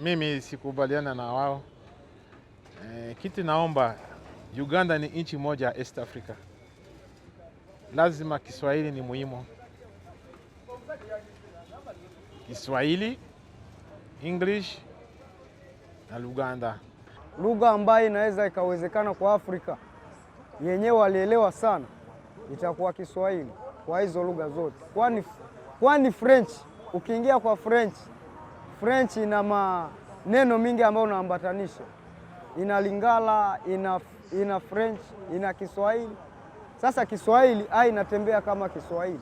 mimi sikubaliana na wao e, eh, kiti naomba Uganda ni nchi moja ya East Africa, lazima Kiswahili ni muhimu, Kiswahili, English na Luganda, lugha ambayo inaweza ikawezekana kwa Afrika yenyewe walielewa sana, itakuwa Kiswahili kwa hizo lugha zote, kwani kwani French ukiingia kwa French French ina maneno mingi ambayo unaambatanisha, ina Lingala, ina, ina French, ina Kiswahili. Sasa Kiswahili a inatembea kama Kiswahili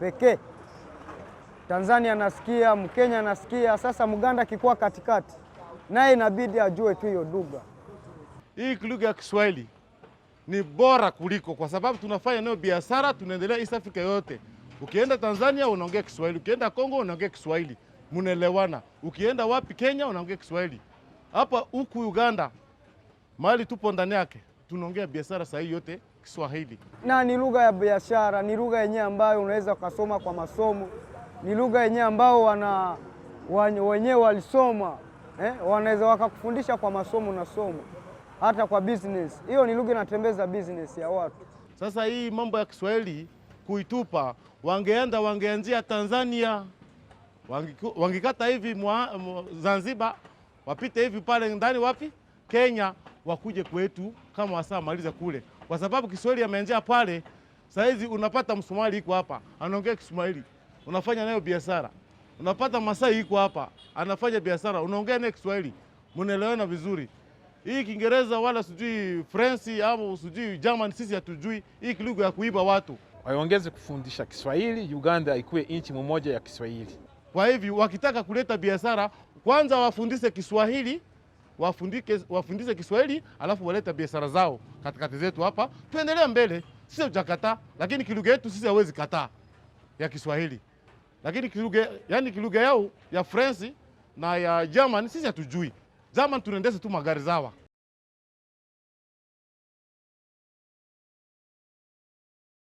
pekee. Tanzania anasikia, Mkenya anasikia. Sasa Mganda akikuwa katikati, naye inabidi ajue tu hiyo lugha. Hii lugha ya Kiswahili ni bora kuliko, kwa sababu tunafanya nayo biashara, tunaendelea East Africa yote. Ukienda Tanzania unaongea Kiswahili, ukienda Kongo unaongea Kiswahili mnaelewana. Ukienda wapi Kenya unaongea Kiswahili, hapa huku Uganda mahali tupo ndani yake tunaongea biashara sahii yote Kiswahili, na ni lugha ya biashara, ni lugha yenyewe ambayo unaweza ukasoma kwa masomo, ni lugha yenyewe ambao wana wenyewe walisoma eh, wanaweza wakakufundisha kwa masomo na somo, hata kwa business. Hiyo ni lugha inatembeza business ya watu. Sasa hii mambo ya Kiswahili kuitupa, wangeenda wangeanzia Tanzania wangikata hivi mwa, mwa, Zanzibar wapite hivi pale ndani wapi Kenya wakuje kwetu kama wasamalize kule, kwa sababu Kiswahili ameanzia pale. Saizi unapata Msomali iko hapa anaongea Kiswahili, unafanya nayo biashara. Unapata Masai iko hapa anafanya biashara, unaongea naye Kiswahili, mnaelewana vizuri. Hii Kiingereza wala sijui French au sijui German, sisi hatujui hii lugha ya kuiba watu. Waongeze kufundisha Kiswahili, Uganda ikuwe nchi mmoja ya Kiswahili. Kwa hivyo wakitaka kuleta biashara kwanza wafundise Kiswahili wafundike, wafundise Kiswahili alafu waleta biashara zao katikati zetu hapa, tuendelea mbele. Sisi hatujakataa, lakini kilugha yetu sisi hawezi kataa ya Kiswahili, lakini kilugha yani kilugha yao ya French na ya German sisi hatujui. German tunaendesha tu magari zawa